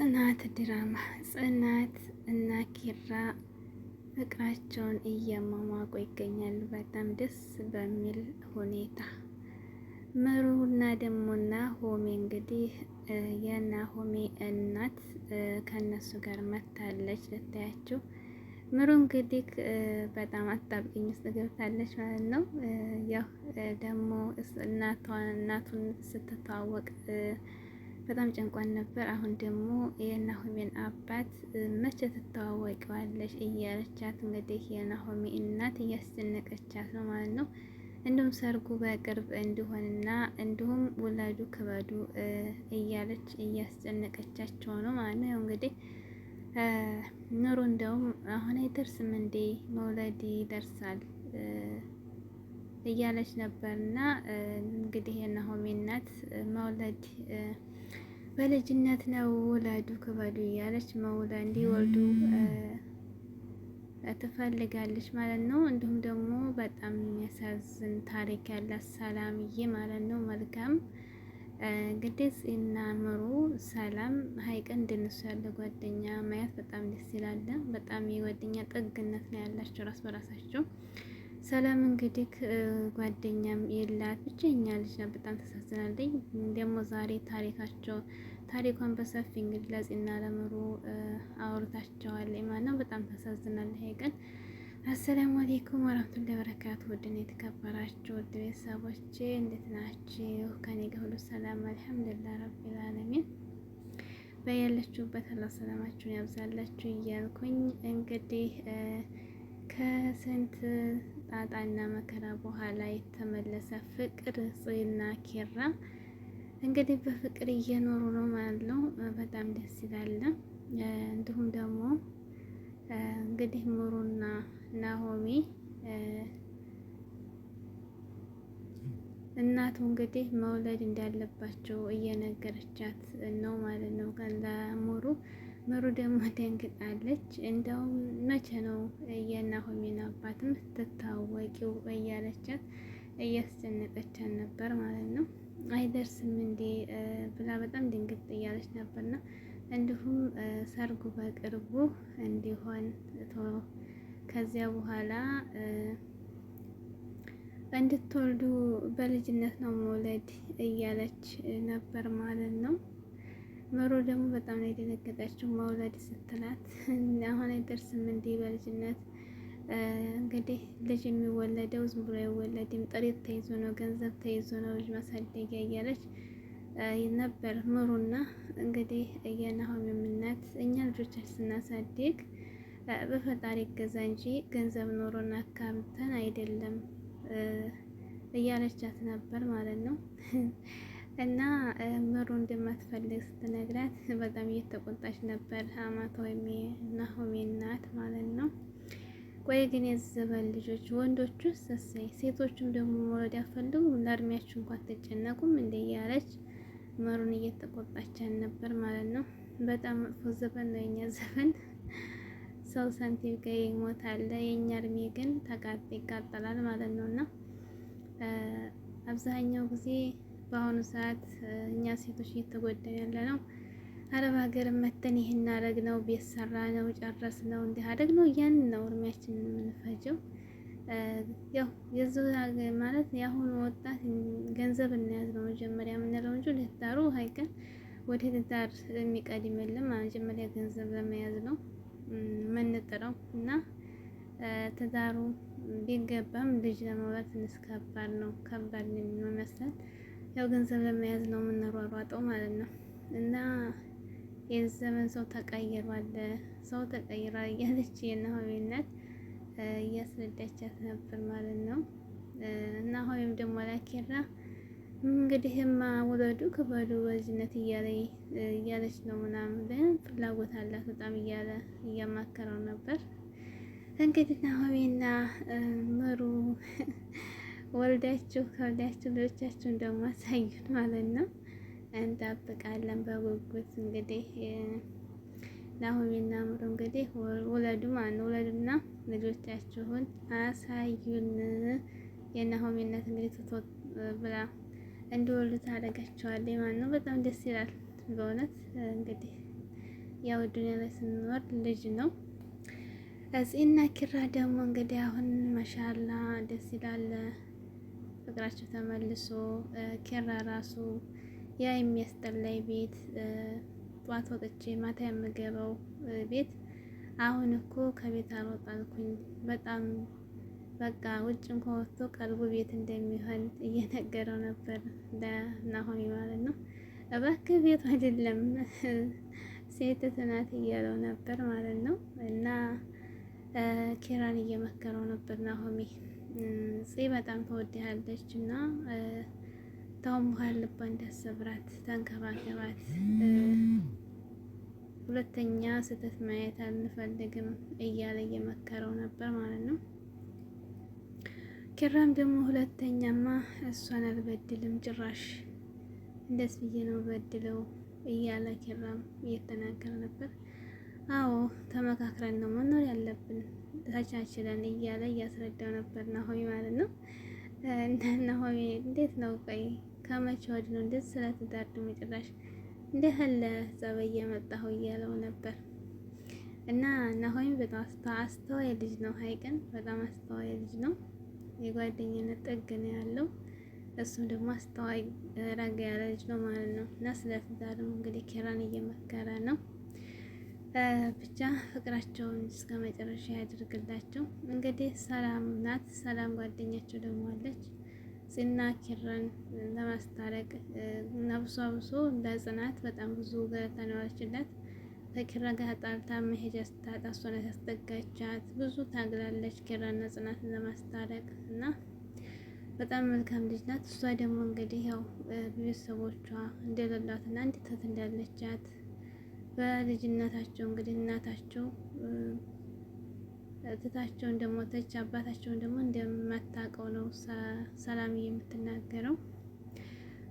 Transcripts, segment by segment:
ጽናት ድራማ ጽናት እና ኪራ ፍቅራቸውን እየመሟቁ ይገኛሉ። በጣም ደስ በሚል ሁኔታ ምሩና ደሞና ሆሜ እንግዲህ ሆሜ እናት ከነሱ ጋር መታለች። ልታያችሁ ምሩ እንግዲህ በጣም አጣብቂኝ ውስጥ ገብታለች ማለት ነው። ያው ደግሞ እናቷ እናቱን ስትተዋወቅ በጣም ጨንቋን ነበር። አሁን ደግሞ የናሆሜን አባት መቼ ትተዋወቂዋለሽ እያለቻት እንግዲህ የናሆሜ እናት እያስጨነቀቻት ነው ማለት ነው። እንዲሁም ሰርጉ በቅርብ እንዲሆንና እንዲሁም ውላዱ ክበዱ እያለች እያስጨነቀቻቸው ነው ማለት ነው። ያው እንግዲህ ኑሩ እንደውም አሁን አይደርስም እንዴ መውለድ ይደርሳል እያለች ነበር እና እንግዲህ የናሆሜ እናት መውለድ በልጅነት ነው ውለዱ ክበዱ እያለች መውለ እንዲወልዱ ትፈልጋለች ማለት ነው። እንዲሁም ደግሞ በጣም የሚያሳዝን ታሪክ ያላት ሰላምዬ ማለት ነው። መልካም እንግዲህ እና ምሩ ሰላም ሀይቅ እንድንሱ ያለ ጓደኛ ማየት በጣም ደስ ይላል። በጣም የጓደኛ ጥግነት ነው ያላቸው ራስ በራሳቸው ሰላም እንግዲህ ጓደኛም የላት ብቸኛ ልጅ ናት። በጣም ተሳዝናለኝ። ደግሞ ዛሬ ታሪካቸው ታሪኳን በሰፊ እንግዲህ ለጽና ለምሩ አውርታቸዋለች ማለት ነው። በጣም ተሳዝናለች። ቀን አሰላሙ አሌይኩም ወራህመቱላሂ ወበረካቱ። ውድና የተከበራችሁ ውድ ቤተሰቦቼ እንዴት ናችሁ? ከኔ ጋር ሁሉ ሰላም አልሐምዱሊላህ ረቢል ዓለሚን። በያለችሁበት አላህ ሰላማችሁን ያብዛላችሁ እያልኩኝ እንግዲህ ከስንት ጣጣና መከራ በኋላ የተመለሰ ፍቅር ጽና ኪራ እንግዲህ በፍቅር እየኖሩ ነው ማለት ነው። በጣም ደስ ይላል። እንዲሁም ደግሞ እንግዲህ ምሩና ናሆሚ እናቱ እንግዲህ መውለድ እንዳለባቸው እየነገረቻት ነው ማለት ነው ለምሩ ምሩ ደግሞ ደንግጣለች። እንደውም መቼ ነው የናሆሜን አባት የምትታወቂው እያለቻት እያስጨነቀቻት ነበር ማለት ነው። አይደርስም እንዴ ብላ በጣም ድንግጥ እያለች ነበርና እንዲሁም ሰርጉ በቅርቡ እንዲሆን ቶሎ ከዚያ በኋላ እንድትወልዱ በልጅነት ነው መውለድ እያለች ነበር ማለት ነው። መሮ ደግሞ በጣም ነው የደነገጠችው። መውለድ ስትላት አሁን አይደርስም እንዲ በልጅነት እንግዲህ ልጅ የሚወለደው ዝም ብሎ አይወለድም። ጥሪት ተይዞ ነው፣ ገንዘብ ተይዞ ነው ልጅ ማሳደጊያ እያለች ነበር ምሩና። እንግዲህ የናሆምም እናት እኛ ልጆቻችን ስናሳድግ በፈጣሪ ገዛ እንጂ ገንዘብ ኖሮና አካብተን አይደለም እያለቻት ነበር ማለት ነው። እና ምሩ እንደማትፈልግ ስትነግራት በጣም እየተቆጣች ነበር። አማቷ ናሆሜ እናት ማለት ነው። ቆይ ግን የዘበን ልጆች ወንዶቹ ሰሳይ፣ ሴቶቹም ደግሞ መውለድ አልፈልጉም፣ ለእድሜያችሁ እንኳን ተጨነቁም እንደ እያለች መሩን እየተቆጣች ነበር ማለት ነው። በጣም መጥፎ ዘፈን ነው የኛ ዘፈን። ሰው ሳንቲም ጋር ይሞታል፣ የእኛ እድሜ ግን ተቃጥ ይቃጠላል ማለት ነው እና አብዛኛው ጊዜ በአሁኑ ሰዓት እኛ ሴቶች እየተጎዳን ያለ ነው። አረብ ሀገር መተን ይህን አረግ ነው ቤት ሰራ ነው ጨረስ ነው እንዲህ አደግ ነው እያንን ነው እድሜያችንን የምንፈጀው። ያው የዙ ማለት የአሁኑ ወጣት ገንዘብ እናያዝ ነው መጀመሪያ የምንለው እንጂ ልታሩ ሀይቀን ወደ ትዳር የሚቀድም የለም። መጀመሪያ ገንዘብ ለመያዝ ነው መንጥረው እና ትዳሩ ቢገባም ልጅ ለማውራት ትንሽ ከባድ ነው። ከባድ ነው የሚመስለን ያው ገንዘብ ለመያዝ ነው የምንሯሯጠው ማለት ነው። እና የዘመን ሰው ተቀይሯል፣ ሰው ተቀይሯል እያለች የናሆሜ እናት እያስረዳቻት ነበር ማለት ነው። ናሆሜም ደግሞ ላኪራ እንግዲህማ ውለዱ ክበዱ በልጅነት እያለ እያለች ነው ምናምን ፍላጎት አላት በጣም እያለ እያማከረው ነበር። እንግዲህ ናሆሜና ምሩ ወልዳችሁ ከወልዳችሁ ልጆቻችሁ ደግሞ አሳዩን ማለት ነው። እንጠብቃለን በጉጉት እንግዲህ ለአሁኑና ምሩ እንግዲህ ውለዱ ማለት ነው። ውለዱና ልጆቻችሁን አሳዩን። የናሆሜነት እንግዲህ ትቶት ብላ እንዲወሉ ታደርጋቸዋለች ማለት ነው። በጣም ደስ ይላል በእውነት እንግዲህ ያው ዱንያ ላይ ስንኖር ልጅ ነው። እዚህና ኪራ ደግሞ እንግዲህ አሁን ማሻላ ደስ ይላል። ፍቅራቸው ተመልሶ ኪራ ራሱ ያ የሚያስጠላይ ቤት ጧት ወጥቼ ማታ የምገባው ቤት አሁን እኮ ከቤት አልወጣልኩኝ በጣም በቃ ውጭ እንኳ ወጥቶ ቀልቡ ቤት እንደሚሆን እየነገረው ነበር ለናሆሚ ማለት ነው። እባክህ ቤቱ አይደለም ሴት ትናት እያለው ነበር ማለት ነው። እና ኪራን እየመከረው ነበር ናሆሚ ጽ በጣም ተወድሃለች እና ታውም በኋላ ልባ እንዳሰብራት ተንከባከባት። ሁለተኛ ስህተት ማየት አንፈልግም እያለ እየመከረው ነበር ማለት ነው። ኪራም ደግሞ ሁለተኛማ እሷን አልበድልም ጭራሽ እንደስ ብዬ ነው በድለው እያለ ኪራም እየተናገረ ነበር። አዎ ተመካክረን ነው መኖር ያለብን ተቻችለን እያለ እያስረዳው ነበር ናሆሚ ማለት ነው። ናሆሚ እንዴት ነው ቆይ ከመቼ ወዲህ ነው እንደዚህ ስለ ትዳር ደግሞ ጭራሽ እንዲህ ያለ ጸበይ እያለው ነበር። እና ናሆሚ በጣም አስተዋይ ልጅ ነው። ሀይቅን በጣም አስተዋይ ልጅ ነው። የጓደኝነት ጥግ ነው ያለው። እሱም ደግሞ አስተዋይ ረጋ ያለ ልጅ ነው ማለት ነው። እና ስለ ትዳርም እንግዲህ ኬራን እየመከረ ነው ብቻ ፍቅራቸውን እስከ መጨረሻ ያድርግላቸው። እንግዲህ ሰላም ናት፣ ሰላም ጓደኛቸው ደግሞ አለች። ጽና ኪራን ለማስታረቅ ነብሶ ብሶ ለጽናት በጣም ብዙ ገረታ ነዋችላት። ከኪራ ጋር ጣልታ መሄጃ ስታጣ እሷ ናት ያስጠጋቻት። ብዙ ታግላለች ኪራና ጽናትን ለማስታረቅ እና በጣም መልካም ልጅ ናት። እሷ ደግሞ እንግዲህ ያው ቤተሰቦቿ እንደሌሏትና እንዴት እንዳለቻት በልጅነታቸው እንግዲህ እናታቸው እህታቸው እንደሞተች አባታቸውን ደግሞ እንደማታውቀው ነው ሰላም የምትናገረው።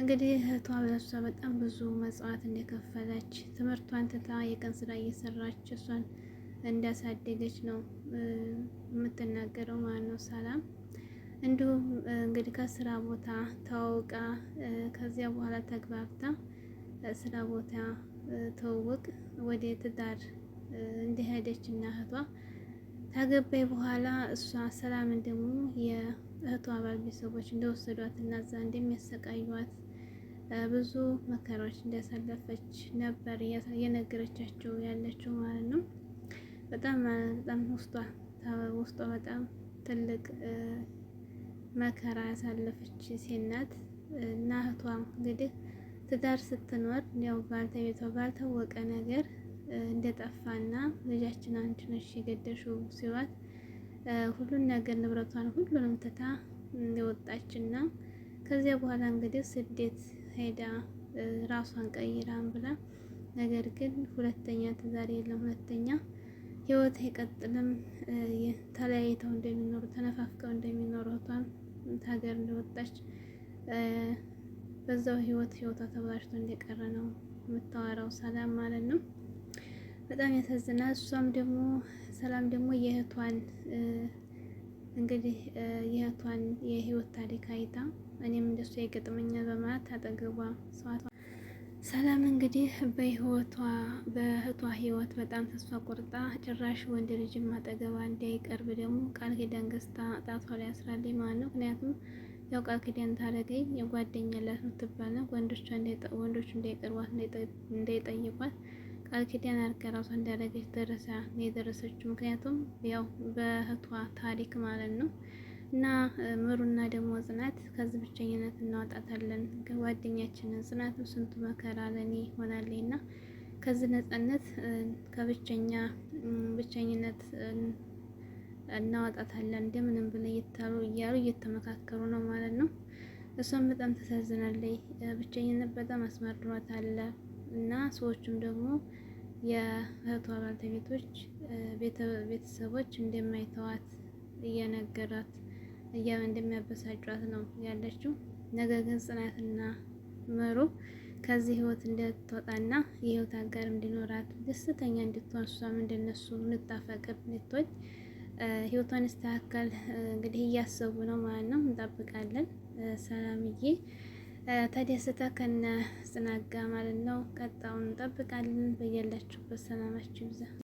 እንግዲህ እህቷ በእሷ በጣም ብዙ መጽዋዕት እንደከፈለች ትምህርቷን ትታ የቀን ስራ እየሰራች እሷን እንዳሳደገች ነው የምትናገረው ማለት ነው ሰላም። እንዲሁም እንግዲህ ከስራ ቦታ ተዋውቃ ከዚያ በኋላ ተግባብታ ስራ ቦታ ትውውቅ ወደ ትዳር እንደሄደች እና እህቷ ታገባይ በኋላ እሷ ሰላምን ደግሞ የእህቷ አባል ቤተሰቦች እንደወሰዷት እና እዛ እንደሚያሰቃዩዋት ብዙ መከራዎች እንዳሳለፈች ነበር የነገረቻቸው ያለችው ማለት ነው። በጣም በጣም ውስጧ ውስጧ በጣም ትልቅ መከራ ያሳለፈች ሴት ናት እና እህቷ እንግዲህ ትዳር ስትኖር እንዲያው ባልተቤቷ ባልታወቀ ነገር እንደጠፋና ልጃችን አንቺ ነሽ የገደሽው ሲሏት ሁሉን ነገር ንብረቷን ሁሉንም ትታ እንደወጣችና ከዚያ በኋላ እንግዲህ ስደት ሄዳ ራሷን ቀይራን ብላ ነገር ግን ሁለተኛ ትዳር የለም፣ ሁለተኛ ህይወት አይቀጥልም። ተለያይተው እንደሚኖሩ ተነፋፍቀው እንደሚኖሩ እህቷን ሀገር እንደወጣች በዛው ህይወት ህይወቷ ተበላሽቶ እንደቀረ ነው የምታወራው ሰላም ማለት ነው። በጣም ያሳዝናል። እሷም ደግሞ ሰላም ደግሞ የእህቷን እንግዲህ የእህቷን የህይወት ታሪክ አይታ እኔም እንደሱ የገጠመኛል በማለት አጠገቧ ሰዋቷ ሰላም እንግዲህ በህይወቷ በእህቷ ህይወት በጣም ተስፋ ቆርጣ ጭራሽ ወንድ ልጅም አጠገቧ እንዳይቀርብ ደግሞ ቃል ኪዳን ገዝታ ጣቷ ላይ አስራለች ማለት ነው። ምክንያቱም ያው ቃል ኪዳን ታደርገኝ የጓደኛ ላት ምትባል ነው። ወንዶች እንዳይቀርቧት እንዳይጠይቋት ቃል ኪዳን አድርጋ ራሷ እንዳደረገች ደረሰ ነው የደረሰችው። ምክንያቱም ያው በእህቷ ታሪክ ማለት ነው። እና ምሩና ደግሞ ጽናት ከዚህ ብቸኝነት እናወጣታለን፣ ጓደኛችንን ጽናትም ስንቱ መከራ ለኔ ይሆናል እና ከዚህ ነጻነት ከብቸኛ ብቸኝነት እናወጣታለን እንደምንም ብለ እየታሉ እያሉ እየተመካከሩ ነው ማለት ነው። እሷም በጣም ተሳዝናለች። ብቸኝነት በጣም አለ እና ሰዎቹም ደግሞ የእህቷ ባልተቤቶች ቤተሰቦች እንደማይተዋት እየነገራት እያ እንደሚያበሳጯት ነው ያለችው። ነገር ግን ጽናትና መሩ ከዚህ ህይወት እንድትወጣና የህይወት አጋር እንዲኖራት ደስተኛ እንድትሆን እሷም እንደነሱ ልታፈቅር ልትወድ ህይወቷን ያስተካከል እንግዲህ እያሰቡ ነው ማለት ነው። እንጠብቃለን። ሰላምዬ ተደስታ ከነ ጽናጋ ማለት ነው። ቀጣውን እንጠብቃለን። በያላችሁበት ሰላማችሁ ይብዛ።